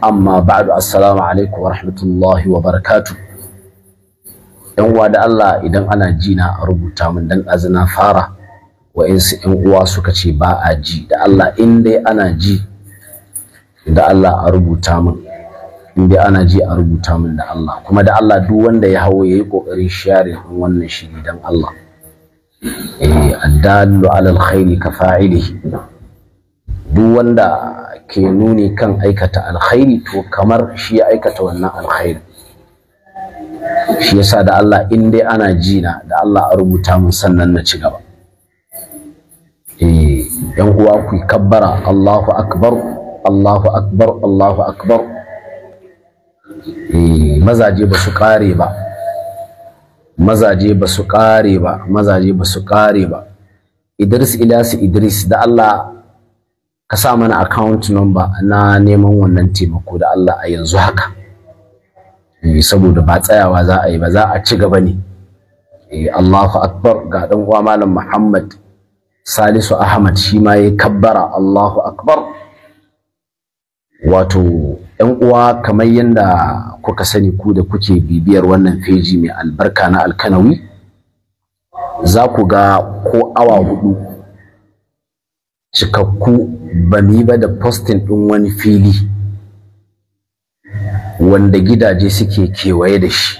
amma ba'du assalamu alaikum warahmatullahi wabarakatuh yan uwa da Allah idan ana ji na a rubuta min dan azina fara wa'insu yan uwa suka ce ba a ji da Allah in dai ana ji da Allah a rubuta min in dai ana ji a rubuta min da Allah kuma da Allah duk wanda ya hawo yayi kokarin share wannan shiri dan Allah eh addallu ala alkhairi ka fa'ilihi duk wanda ke nuni kan aikata alkhairi to kamar shi ya aikata wannan alkhairi shi yasa da Allah in dai ana jina da Allah a rubuta mun sannan na ci gaba eh yan uwa ku kabbara Allahu akbar Allahu akbar Allahu akbar eh mazaje ba su kare ba mazaje ba su kare ba mazaje ba su kare ba Idris Ilyasu Idris da Allah ka sa mana account number na neman wannan taimako da Allah a yanzu haka eh, saboda ba tsayawa za a yi ba za a ci gaba ne eh, Allahu akbar ga dan uwa malam Muhammad Salisu Ahmad shi ma ya kabbara Allahu akbar wato ‘yan uwa kamar yadda kuka sani ku da kuke bibiyar wannan feji mai albarka na alkanawi za ku ga ko awa hudu cikakku ba mu ba da posting ɗin wani fili wanda gidaje suke kewaye da shi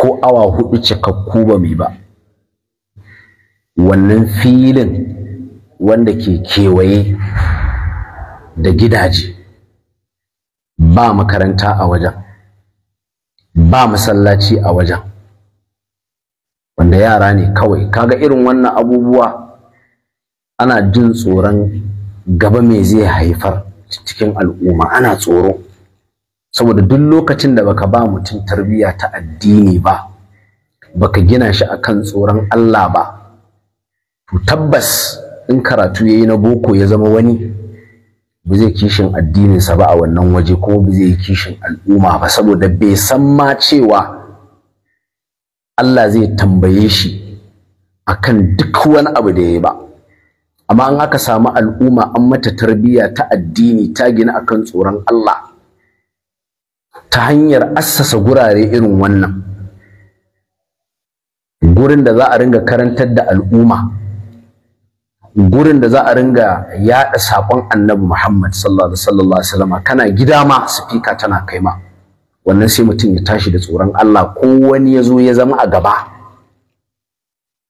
ko awa hudu cikakku ba mu ba wannan filin wanda ke kewaye da gidaje ba makaranta a wajen ba masallaci a wajen wanda yara ne kawai kaga irin wannan abubuwa ana jin tsoron gaba mai zai haifar cikin al'umma ana tsoro saboda duk lokacin da baka ba mutum tarbiyya ta addini ba baka gina shi akan tsoron Allah ba to tabbas in karatu yayi na boko ya zama wani ba zai kishin addininsa ba a wannan waje ko ba zai kishin al'umma ba saboda bai san ma cewa Allah zai tambaye shi akan duk wani abu da ya yi ba amma an aka samu al'umma an mata tarbiyya ta addini ta gina akan tsoron Allah ta hanyar assasa gurare irin wannan gurin da za a ringa karantar da al'umma gurin da za a ringa yaɗa saƙon annabi Muhammad sallallahu alaihi wasallam kana gida ma spika tana kai ma wannan sai mutum ya tashi da tsoron Allah ko wani ya zo ya zama a gaba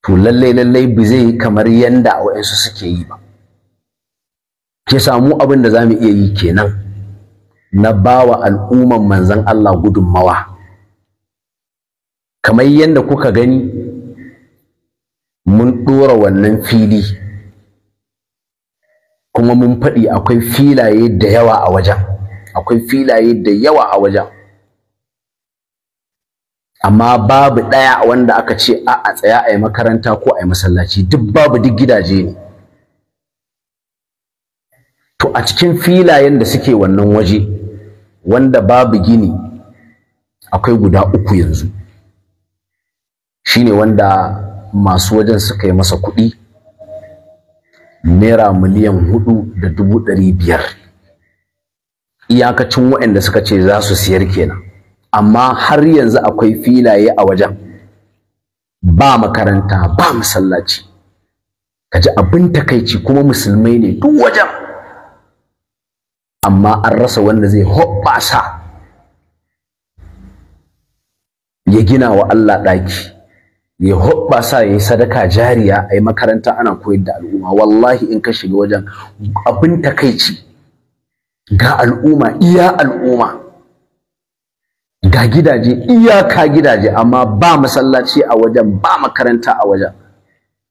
to lallai lallai bi zai yi kamar yanda wa'ansu suke yi ba ke samu abin da za mu iya yi kenan na bawa al'umman manzan Allah gudunmawa kamar yadda kuka gani mun ɗora wannan fili kuma mun faɗi akwai filaye da yawa a wajen akwai filaye da yawa a wajen amma babu ɗaya wanda aka ce a a tsaya a yi makaranta ko a yi masallaci duk babu duk gidaje ne to a cikin filayen da suke wannan waje wanda babu gini akwai guda uku yanzu shine wanda masu wajen suka yi masa kuɗi naira miliyan hudu da dubu ɗari biyar iyakacin waɗanda suka ce za su siyar kenan amma har yanzu akwai filaye a wajen ba makaranta ba masallaci ka ji abin takaici kuma musulmai ne duk wajen amma an rasa wanda zai hoɓɓasa ya gina wa Allah ɗaki ya hoɓɓasa ya yi sadaka jariya a yi makaranta ana koyar da al'umma wallahi in ka shiga wajen abin takaici ga al'umma iya al'umma ga gidaje iyaka gidaje amma ba masallaci a wajen ba makaranta a wajen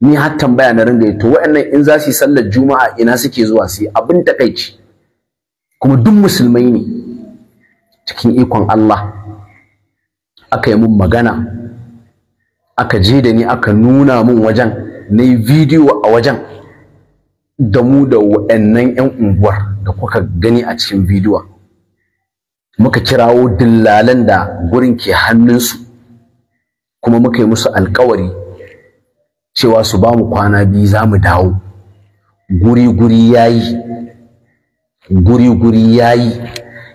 ni har tambaya na ringa to waɗannan in za su yi sallar juma'a ina suke zuwa su yi abin takaici kuma duk musulmai ne cikin ikon Allah aka yi mun magana aka je da ni aka nuna mun wajen na yi bidiyo a wajen da mu da waɗannan 'yan unguwar da kuka gani a cikin bidiyon muka kirawo dillalan da gurin ke hannunsu kuma muka yi musu alkawari cewa su ba mu kwana biyu za mu dawo guri-guri ya yi guri-guri ya yi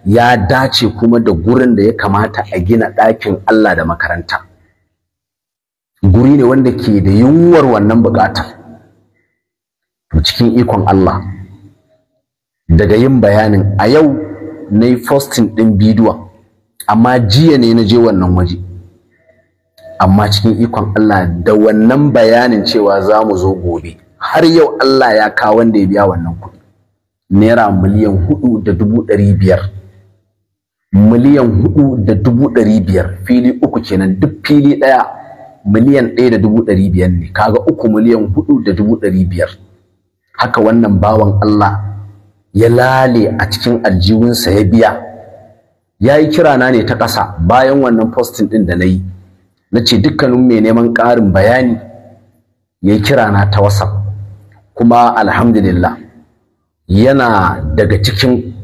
ya dace kuma da gurin da ya kamata a gina ɗakin Allah da makaranta guri ne wanda ke da yunwar wannan buƙatar cikin ikon Allah daga yin bayanin a yau na yi fostin ɗin bidiyon amma jiya ne na je wannan waje amma cikin ikon Allah da wannan bayanin cewa za mu zo gobe har yau Allah ya kawo wanda ya biya wannan kuɗi naira miliyan hudu da dubu ɗari biyar miliyan hudu da dubu ɗari biyar fili uku kenan duk fili ɗaya miliyan ɗaya da dubu ɗari biyar ne kaga uku miliyan hudu da dubu ɗari biyar haka wannan bawan Allah ya lale a cikin aljihunsa ya biya ya yi kirana ne ta ƙasa bayan wannan postin ɗin da na yi na ce dukkanin mai neman ƙarin bayani ya yi kirana ta wasan kuma alhamdulillah yana daga cikin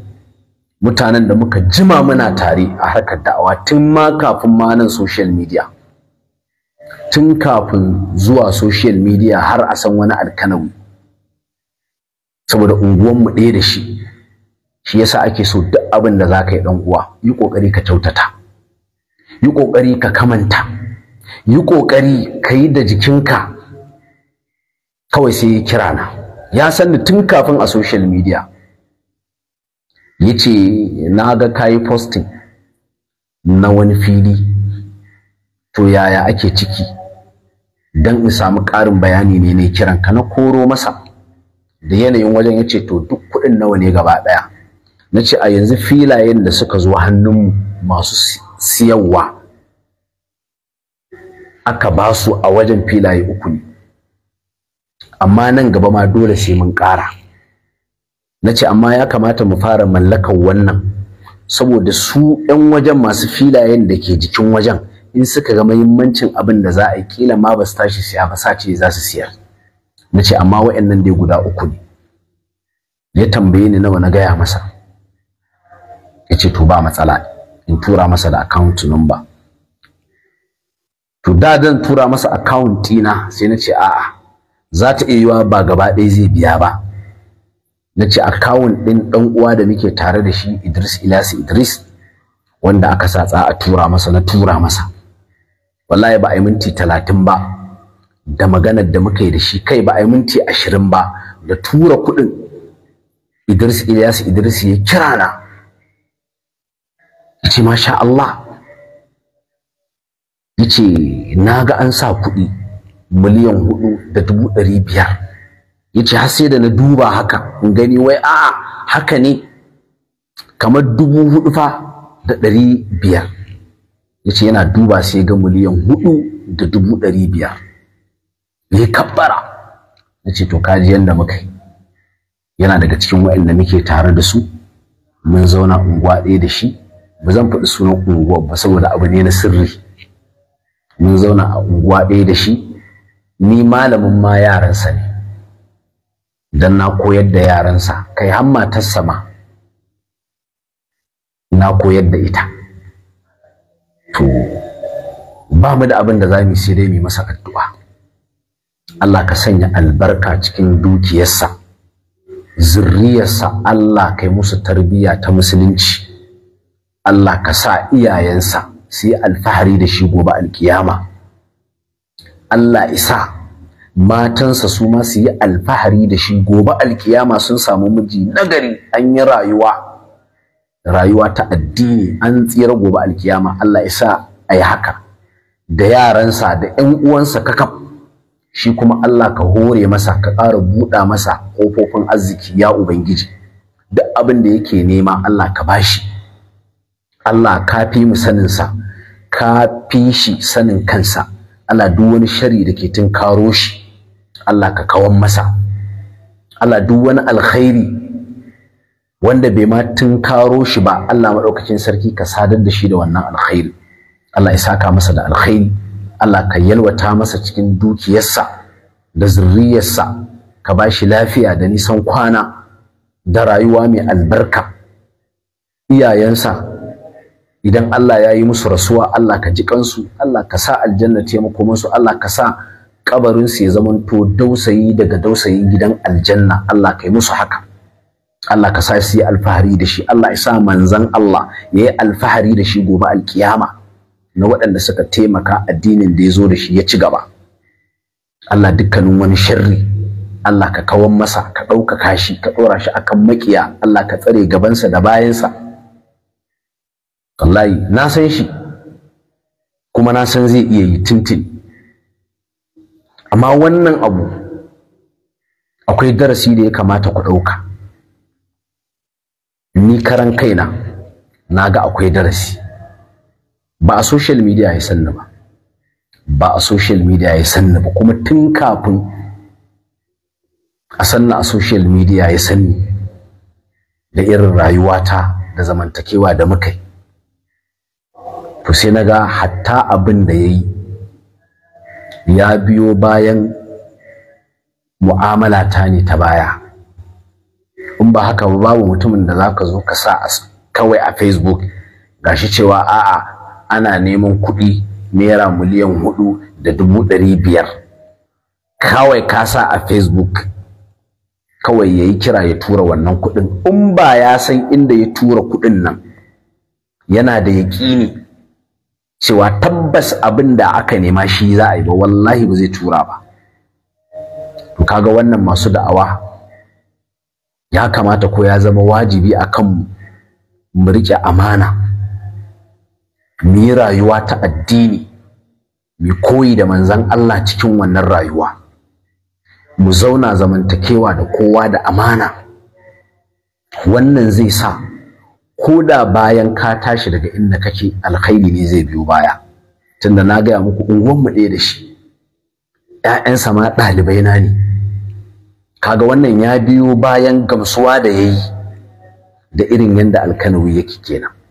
mutanen da muka jima muna tare a harkar da'awa tun ma kafin ma nan social media tun kafin zuwa social media har a san wani alkanawi saboda unguwan mu ɗaya da shi shi yasa ake so duk abin da zaka yi ɗan uwa yi ƙoƙari ka kyautata yi ƙoƙari ka kamanta yi ƙoƙari ka yi da jikinka kawai sai kira na ya san sanni tun kafin a social media yace na ga kayi posting na wani fili to yaya ake ciki dan in samu ƙarin bayani ne ne kiranka na koro masa da yanayin wajen ya ce to duk kuɗin nawa ne gaba ɗaya na ce a yanzu filayen da suka zo hannun masu siyarwa aka ba su a wajen filaye uku ne amma nan gaba ma dole sai mun ƙara na ce amma ya kamata mu fara mallakar wannan saboda su 'yan wajen masu filayen da ke jikin wajen in suka ga mahimmancin abin da za a yi kila ma ba su tashi siya ba sace za su siyar na ce amma wa'annan dai guda uku ne ya tambaye ni nawa na gaya masa ya ce to ba matsala in tura masa da account number to da zan tura masa account ɗina sai na ce a'a za ta iya yiwa ba gaba ɗaya zai biya ba na ce account ɗin ɗan uwa da muke tare da shi Idris Ilyasu Idris wanda aka sa tsa a tura masa na tura masa wallahi ba a yi minti talatin ba da maganar da muka yi da shi kai ba a yi minti ashirin ba da tura kuɗin Idris Ilyas Idris ya kira na yace masha Allah yace na ga an sa kuɗi miliyan hudu da dubu ɗari biyar yace har sai da na duba haka in gani wai a'a haka ne kamar dubu hudu fa da ɗari biyar yace yana duba sai ga miliyan hudu da dubu ɗari biyar zai kabbara na ce to kaji yadda muka yi yana daga cikin waɗanda muke tare da su mun zauna unguwa ɗaya da shi ba zan faɗi sunan unguwa ba saboda abu ne na sirri mun zauna a unguwa ɗaya da shi ni malamin ma yaransa ne don na koyar da yaransa kai hamma ta sama. na koyar da ita to ba mu da abin da za mu sai dai mu yi masa addu'a Allah ka sanya albarka cikin dukiyarsa zurriyarsa Allah kai musu tarbiyya ta musulunci Allah ka sa iyayensa su yi alfahari da shi gobe alkiyama Allah isa matansa su ma su yi alfahari da shi gobe alkiyama sun samu miji nagari an yi rayuwa rayuwa ta addini an tsira gobe alkiyama Allah ya sa haka da yaransa da ƴan uwansa kakaf shi kuma Allah ka hore masa ka ƙara buɗa masa ƙofofin arziki ya ubangiji duk abin da yake nema Allah ka bashi Allah ka fi mu sanin sa ka fi shi sanin kansa Allah duk wani shari da ke tun karo shi Allah ka kawan masa Allah duk wani alkhairi wanda bai ma tun karo shi ba Allah maɗaukakin sarki ka sadar da shi da wannan alkhairi Allah ya saka masa da alkhairi Allah ka yalwata masa cikin dukiyarsa da zurriyarsa ka ba shi lafiya da nisan kwana da rayuwa mai albarka iyayensa idan Allah ya yi musu rasuwa Allah ka ji kansu Allah ka sa aljanna taimako musu Allah ka sa kabarin su ya zamanto dausayi daga dausayin gidan aljanna Allah ka yi musu haka Allah ka sa su yi alfahari da shi Allah ya sa manzan Allah ya yi alfahari da shi gobe alkiyama na waɗanda suka taimaka addinin da ya zo da shi ya ci gaba Allah dukkanin wani shirri. Allah ka kawan masa ka ɗaukaka shi ka ɗora shi akan makiya Allah ka tsare gabansa da bayansa wallahi na san shi kuma na san zai iya yi tintin amma wannan abu akwai darasi da ya kamata ku ɗauka ni karan kaina na ga akwai darasi ba a social media ya sanni ba ba a social media ya sanni ba kuma tun kafin a sanna a social media ya sanni da irin rayuwata da zamantakewa da muka yi to sai na ga hatta abin da ya yi ya biyo bayan mu'amala ta ne ta baya in ba haka ba babu mutumin da za ka zo ka sa kawai a facebook gashi cewa a'a ana neman kuɗi naira miliyan hudu da dubu ɗari biyar kawai ka sa a facebook kawai ya yi kira ya tura wannan kuɗin in ba ya san inda ya tura kuɗin nan yana da yaƙini cewa tabbas abin da aka nema shi za a yi ba wallahi ba zai tura ba to kaga wannan masu da'awa ya kamata ko ya zama wajibi a kanmu mu riƙe amana mu yi rayuwa ta addini mu koyi da manzan Allah cikin wannan rayuwa mu zauna zamantakewa da kowa da amana wannan zai sa ko da bayan ka tashi daga inda kake alkhairi ne zai biyo baya tunda na gaya muku unguwanmu ɗaya da shi ‘ya'yansa ma ɗalibai na ne kaga wannan ya biyo bayan gamsuwa da ya yi da irin yadda alkanawi yake kenan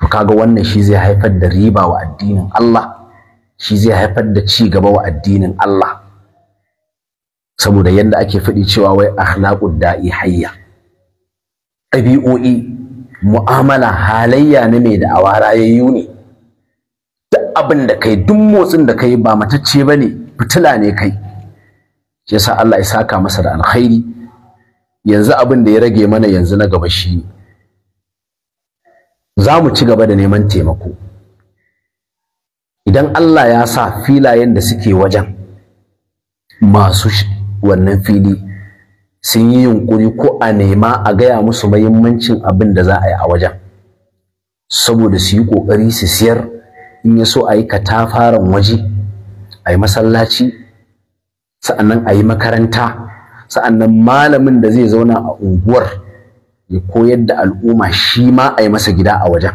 to kaga wannan shi zai haifar da riba wa addinin Allah shi zai haifar da ci gaba wa addinin Allah saboda yadda ake faɗi cewa wai akhlaqud da'i hayya ɗabi'o'i mu'amala halayya ne mai da awara yayyu ne duk abin da kai duk motsin da kai ba matacce ne, fitila ne kai shi yasa Allah ya saka masa da alkhairi yanzu abin da ya rage mana yanzu na gaba shi ne za mu ci gaba da neman taimako idan Allah ya sa filayen da suke wajen masu wannan fili sun yi yunƙuri ko a nema a gaya musu mahimmancin abin da za a yi a wajen saboda su yi ƙoƙari su siyar in ya so a yi katafaren waje a yi masallaci sa'annan a yi makaranta sa'annan malamin da zai zauna a unguwar ya koyar da al'umma shi ma a yi masa gida a wajen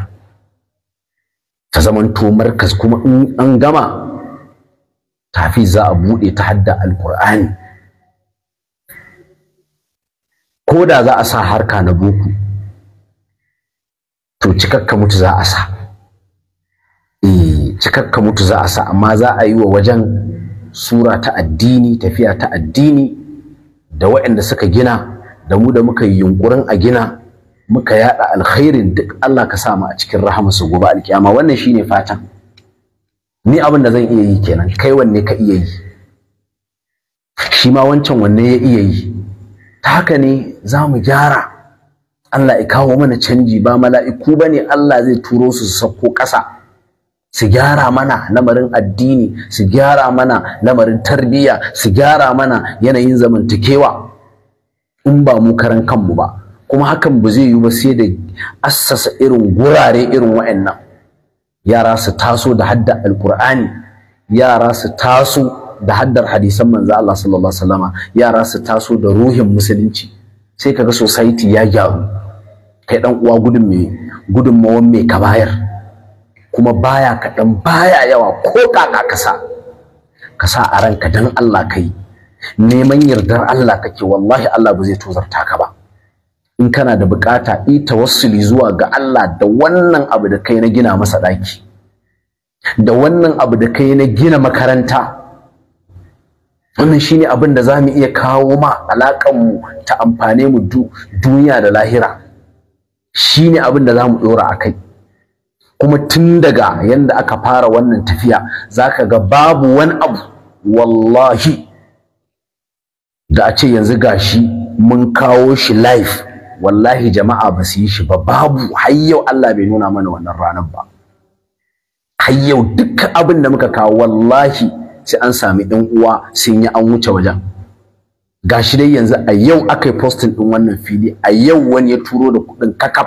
ta zaman to markas kuma in an gama tafi za a buɗe ta hadda alƙur'ani ko da za a sa harka na boku, to cikakka mutu za a sa eh, cikakka mutu za a sa amma za a yi wa wajen sura ta addini tafiya ta addini da waɗanda suka gina da mu da muka yi yunkurin a gina muka yada alkhairin duk Allah ka sa mu a cikin su gobe alkiyama wannan shine fatan ni abin da zan iya yi kenan kai wanne ka iya yi shi ma wancan wanne ya iya yi ta haka ne za mu gyara Allah ya kawo mana canji ba mala'iku bane Allah zai turo su su sauko ƙasa su gyara mana lamarin addini su gyara mana lamarin tarbiyya su gyara mana yanayin zamantakewa in ba mu karan kanmu ba kuma hakan ba zai yi ba sai da assasa irin gurare irin wa'annan yara su taso da haddar alkur'ani yara su taso da haddar hadisan manzo Allah sallallahu alaihi wasallama yara su taso da ruhin musulunci sai kaga society ya gyaru kai dan uwa gudun me gudun mawon me ka bayar kuma baya kaɗan baya yawa ko kaka kasa ka sa a ranka dan Allah kai neman yardar Allah kake wallahi Allah ba zai tozarta ka ba in kana da bukata yi tawassuli zuwa ga Allah da wannan abu da kai na gina masa daki da wannan abu da kai na gina makaranta wannan shine abin da zamu iya kawo ma alakan mu ta amfane mu duniya da lahira shine abin da zamu dora akai kuma tun daga yanda aka fara wannan tafiya zaka ga babu wani abu wallahi da a ce yanzu gashi mun kawo shi live wallahi jama'a ba su yi shi ba babu har yau Allah bai nuna mana wannan ranar ba har yau dukkan abin da muka kawo wallahi sai an sami ɗan uwa sun yi an wuce wajen gashi dai yanzu a yau aka yi posting ɗin wannan fili a yau wani ya turo da kuɗin kakaf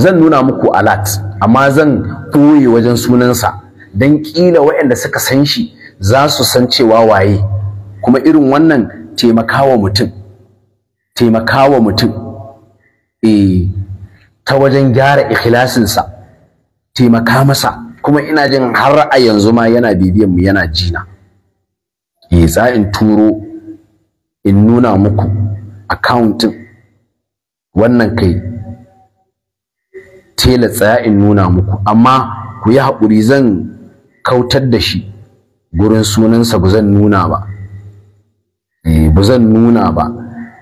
zan nuna muku alat amma zan koyi wajen sunansa don ƙila waɗanda suka san shi za su san cewa waye kuma irin wannan taimakawa mutum taimakawa mutum e ta wajen gyara ikhlasinsa taimaka masa kuma ina jin har a yanzu ma yana bibiyan mu yana jina eh za in turo in nuna muku Akawuntin, wannan kai tela tsaya in nuna muku amma ku yi haƙuri zan kautar da shi gurin sunansa ba zan nuna ba Eh, ba zan nuna ba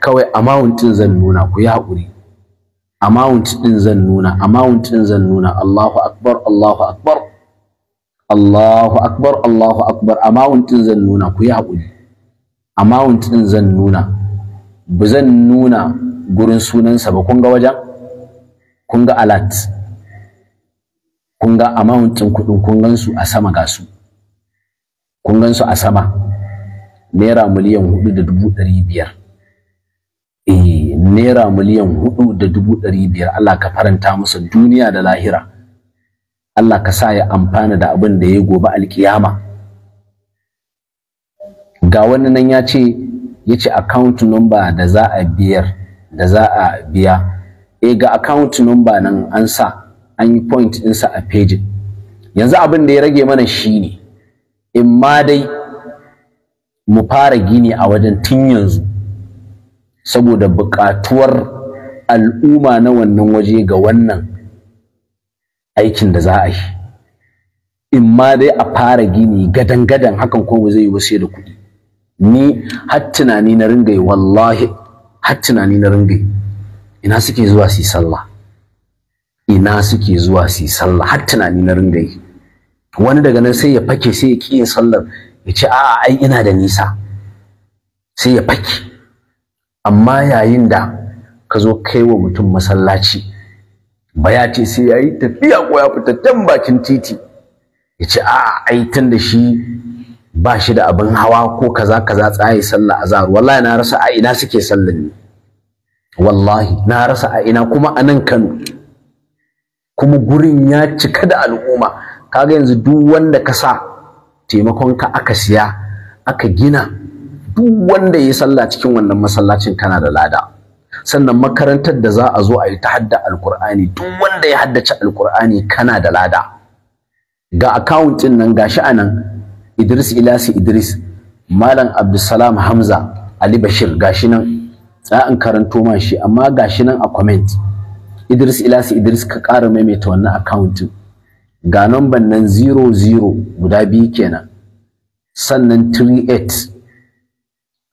kawai amount din zan nuna ku yi haƙuri amount din zan nuna amount din zan nuna Allahu akbar Allahu akbar Allahu akbar Allahu akbar amount din zan nuna ku yi haƙuri amount din zan nuna ba zan nuna gurin sunansa ba kun ga wajen kun ga alert kun ga amount din kuɗin kun gan su a sama ga su kun gan su a sama naira miliyan hudu da dubu ɗari biyar eh naira miliyan hudu da dubu ɗari biyar Allah ka faranta musu duniya da lahira Allah ka sa ya amfana da abin da ya gobe alkiyama ga wani nan ya ce ya ce account number da za a biyar da za a biya eh ga account number nan an sa an yi point ɗinsa a page yanzu abin da ya rage mana shi ne in ma dai mu fara gini a wajen tun yanzu saboda buƙatuwar al'umma na wannan waje ga wannan aikin da za a yi in ma dai a fara gini gadan-gadan hakan ko zai yi wasu da kuɗi ni har tunani na ringa wallahi har tunani na ringa ina suke zuwa su yi sallah ina suke zuwa su yi sallah har tunani na ringa wani daga nan sai ya fake sai ya ƙi yin sallar ya ce a'a ai ina da nisa sai ya faki amma yayin da ka zo kai wa mutum masallaci ba ya ce sai ya yi tafiya ko ya fita can bakin titi ya ce a'a ai tun da shi ba shi da abin hawa ko kaza kaza tsaye sallah azhar wallahi na rasa a ina suke sallan ne wallahi na rasa a ina kuma a nan Kano kuma gurin ya cika da al'umma kaga yanzu duk wanda ka sa taimakon ka aka siya aka gina duk wanda ya sallah cikin wannan masallacin kana da lada sannan makarantar da za a zo a yi ta hadda alkur'ani duk wanda ya haddace alkur'ani kana da lada ga account din nan gashi anan Idris Ilasi Idris Malam Abdulsalam Hamza Ali Bashir gashi nan za in karanto man shi amma gashi nan a comment Idris Ilasi Idris ka ƙara maimaita wannan account ga namban nan 00 guda biyu kenan sannan 38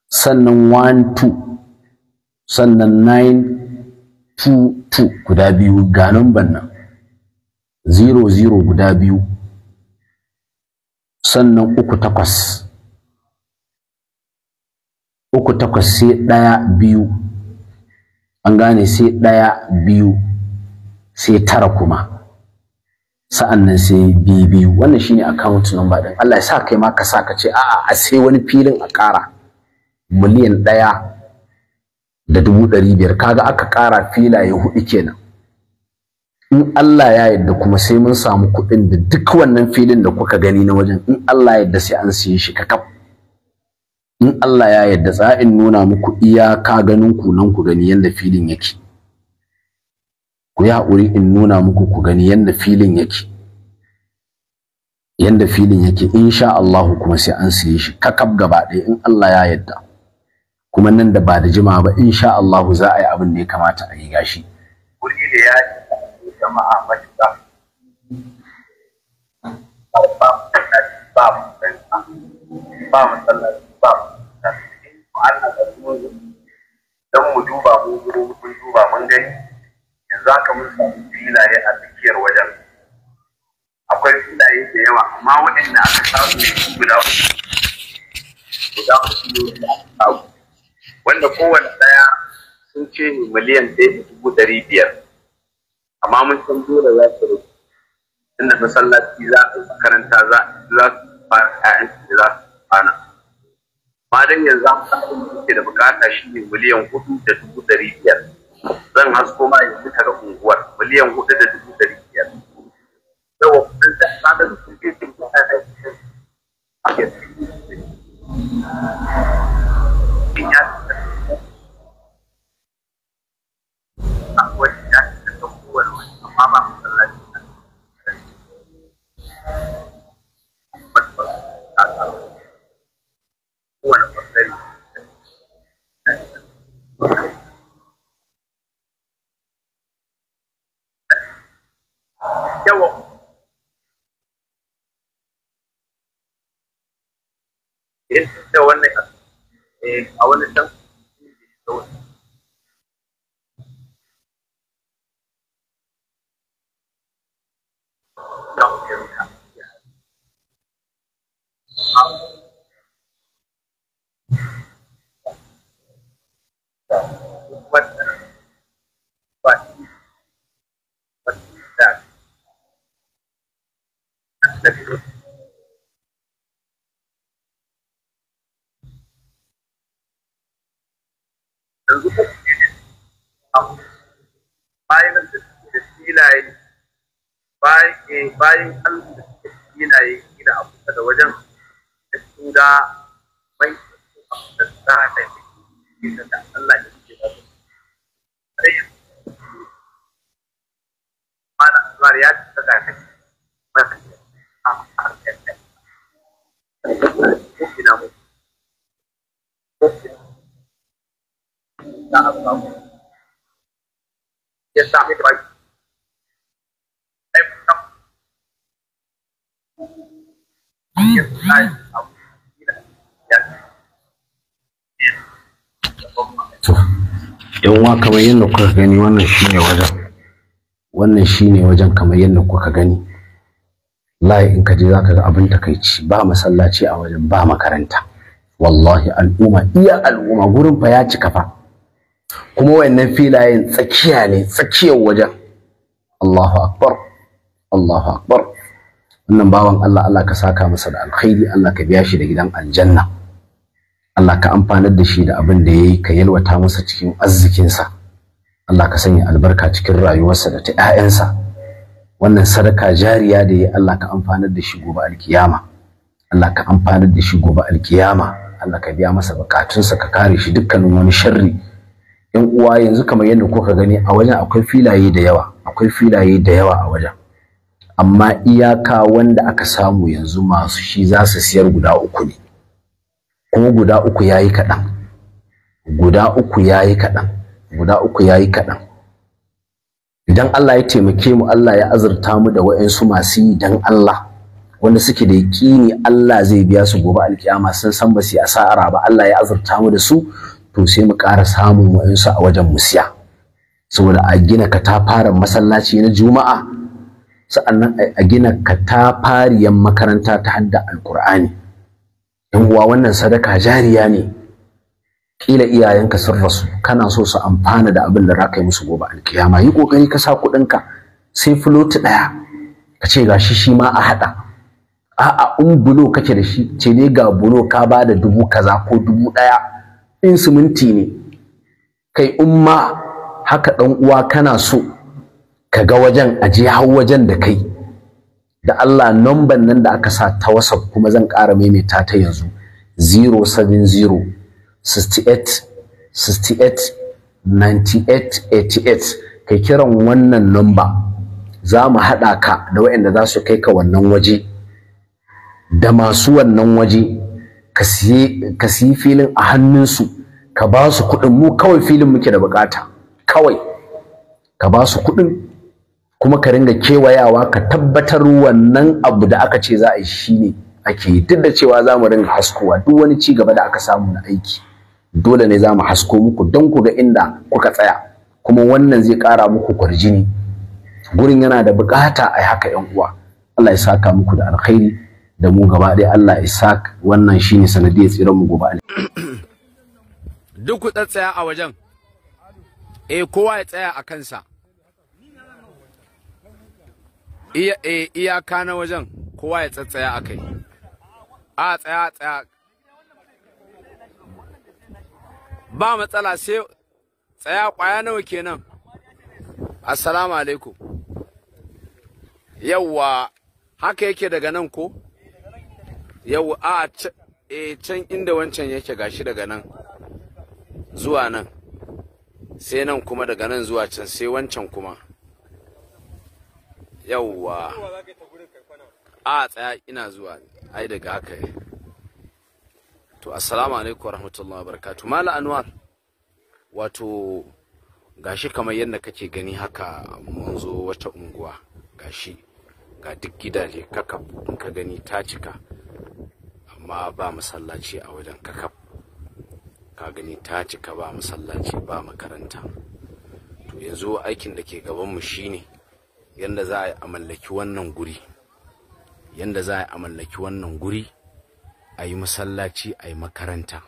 sannan 12 sannan 922 guda biyu ga namban nan 00 guda biyu sannan 38 uku takwas sai ɗaya biyu an gane sai ɗaya biyu sai tara kuma sa'an nan sai biyu wannan shine account number din Allah ya sa kai ma ka sa ka ce a'a a sai wani filin a ƙara miliyan ɗaya da dubu ɗari biyar kaga aka ƙara filaye huɗu kenan in Allah ya yarda kuma sai mun samu kuɗin da duk wannan filin da kuka gani na wajen in Allah ya yarda sai an siye shi kakaf in Allah ya yarda za in nuna muku iya ka ganin ku nan ku gani yanda filin yake ku yi in nuna muku ku gani yadda filin yake yadda filin yake insha Allah kuma sai an siye shi kakab gaba ɗaya in Allah ya yadda kuma nan da ba da jima ba insha Allah za a yi abin da ya kamata a yi gashi wuri ne ya yi jama'a matuƙa ba ba ba masallaci ba ba da mu ba mu ba mu mun ba ba gani yanzu haka mun samu filaye a tsakiyar wajen akwai filaye da yawa amma waɗanda aka samu ne guda guda uku ne aka abu. wanda kowane ɗaya sun ce ni miliyan ɗaya da dubu ɗari biyar amma mun san dole za su rufe inda masallaci za a makaranta za su fara ƴaƴan da za su fana ma dan yanzu an samu da buƙata shi ne miliyan hudu da dubu ɗari biyar zan hasko ma yanzu ka ga unguwar miliyan hudu da dubu dari biyar yawa kudin da ta da su ke cin kuma da ke cin Akwai da wannan eh, a wani can da Allah bayan da suke da filaye bayan eh, bayan da suke da filaye gida a kusa da wajen da su da mai da za a kai da Allah ya ce ba su. Mala ya ce ta sami da baki yan uwa kamar yadda kuka gani wannan shine wajen wannan shine wajen kamar yadda kuka gani layi in ka je zaka ga abin takaici ba masallaci a wajen ba makaranta wallahi al'umma iya al'umma gurin fa ya cika fa kuma wayannan filayen tsakiya ne tsakiyar wajen Allahu akbar Allahu akbar wannan bawan Allah Allah ka saka masa da alkhairi Allah ka biya shi da gidan aljanna Allah ka amfanar da shi da abin da yayi ka yalwata masa cikin arzikinsa Allah ka sanya albarka cikin rayuwarsa da ta 'ya'yansa wannan sadaka jariya da yayi Allah ka amfanar da shi gobe alkiyama Allah ka amfanar da shi gobe alkiyama Allah ka biya masa bukatunsa ka kare shi dukkanin wani sharri yan uwa yanzu kamar yadda kuka gani a wajen akwai filaye da yawa akwai filaye da yawa a wajen amma iyaka wanda aka samu yanzu masu shi za su siyar guda uku ne kuma guda uku ya yi kaɗan guda uku ya yi kaɗan guda uku ya yi kaɗan idan Allah ya taimake mu Allah ya azurta mu da wa'ansu masu yi dan Allah wanda suke da yaƙini Allah zai biya su gobe alkiyama sun san ba su yi asara ba Allah ya azurta mu da su to sai mu ƙara samun wayansu a wajen mu siya saboda a gina katafaren masallaci na juma'a sa'annan a gina katafariyar makaranta ta hadda alkur'ani yan uwa wannan sadaka jariya ne kila iyayenka sun rasu kana so su amfana da abin da raka yi musu gobe alkiyama yi kokari ka sa kuɗinka sai filoti ɗaya ka ce ga shi ma a haɗa a'a in bulo kake da shi ce ne ga bulo ka ba da dubu kaza ko dubu ɗaya in siminti ne kai umma haka ɗan uwa kana so ka ga wajen aje hau wajen da kai da Allah namban nan da aka sa ta WhatsApp kuma zan ƙara maimaita ta yanzu 070 68 68 98 88 kai kiran wannan namba za mu haɗa ka da waɗanda za su kai ka wannan waje da masu wannan waje ka siyi filin a hannunsu ka ba su kuɗin mu kawai filin muke da bukata kawai ka ba su kuɗin kuma ka ringa kewayawa ka tabbatar wannan abu da aka ce za a yi shine ake yi duk da cewa za mu ringa haskowa duk wani ci gaba da aka samu na aiki dole ne za mu hasko muku don ku ga inda kuka tsaya kuma wannan zai ƙara muku kwarjini gurin yana da bukata a haka 'yan uwa Allah ya saka muku da alkhairi da mu gaba ɗaya Allah Isaac wannan shine sanadiyar tsiran mu gobe duk ku tsaya a wajen eh kowa ya tsaya a kansa iya eh iyaka na wajen kowa ya tsatsaya a kai a tsaya tsaya ba matsala sai tsaya kwaya nawa kenan assalamu alaikum yawwa haka yake daga nan ko yau a e, can inda wancan yake gashi daga nan zuwa nan sai nan kuma daga nan zuwa can sai wancan kuma yauwa a tsaya ina zuwa ai daga haka to assalamu alaikum wa wabarakatuh mala anwar wato gashi kamar yadda kake gani haka mun zo wata unguwa gashi ga duk gidaje kaka ka gani ta cika Ma ba masallaci a wajen kakaf ka gani ta cika ba masallaci ba makaranta to yanzu aikin da ke gaban mu shine yadda za a yi amallaki wannan guri yadda za a yi amallaki mallaki wannan guri a yi masallaci a yi makaranta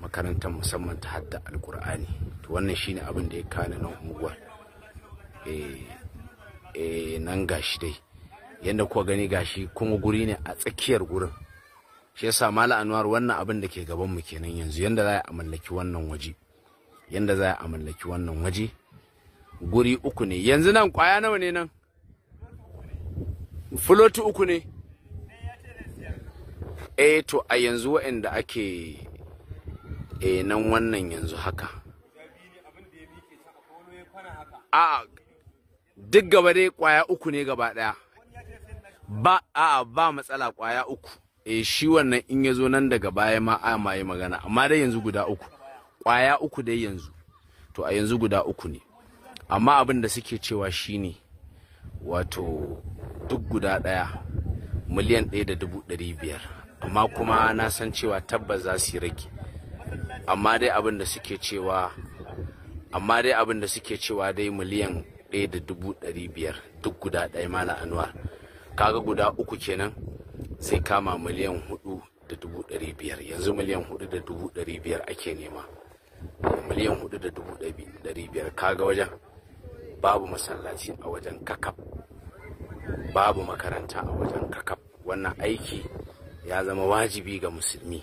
makarantar musamman ta hadda alkur'ani to wannan shine abin da ya kawo nan unguwar eh, eh nan gashi dai yadda kuwa gani gashi kuma guri ne a tsakiyar gurin shi sa mala anwar wannan abin da ke gaban mu kenan yanzu yanda za a mallaki wannan waje yanda za a mallaki wannan waje guri uku ne yanzu nan kwaya nawa ne nan fuloti uku ne eh to a yanzu waɗanda ake e nan wannan yanzu haka a duk gaba dai kwaya uku ne gaba daya ba a ba matsala kwaya uku eh shi wannan in ya zo nan daga baya ma a ma yi magana amma dai yanzu guda uku kwaya uku dai yanzu to a yanzu guda uku ne amma abin da suke cewa shine wato duk guda ɗaya miliyan ɗaya da biyar amma kuma na san cewa tabbas za su yi rage amma dai abin da suke cewa amma dai abin da suke cewa dai miliyan ɗaya da dubu ɗari biyar duk guda ɗaya mana anuwar kaga guda uku kenan zai kama miliyan hudu da dubu ɗari biyar yanzu miliyan hudu da dubu ɗari biyar ake nema miliyan hudu da dubu ɗari biyar kaga wajen babu masallaci a wajen kakab babu makaranta a wajen kakab wannan aiki ya zama wajibi ga musulmi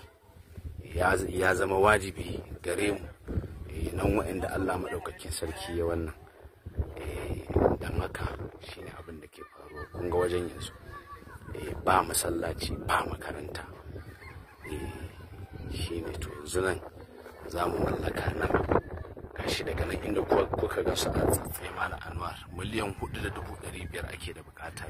ya zama wajibi gare mu eh, nan waɗanda allah maɗaukakin sarki ya wannan eh, don haka shine abin da ke faruwa kunga wajen yanzu Eh, ba masallaci ba makaranta eh, shi ne to yanzu za mu mallaka nan gashi daga nan inda kuka ga su a tsatsai malam anwar miliyan hudu da dubu ɗari biyar ake da bukata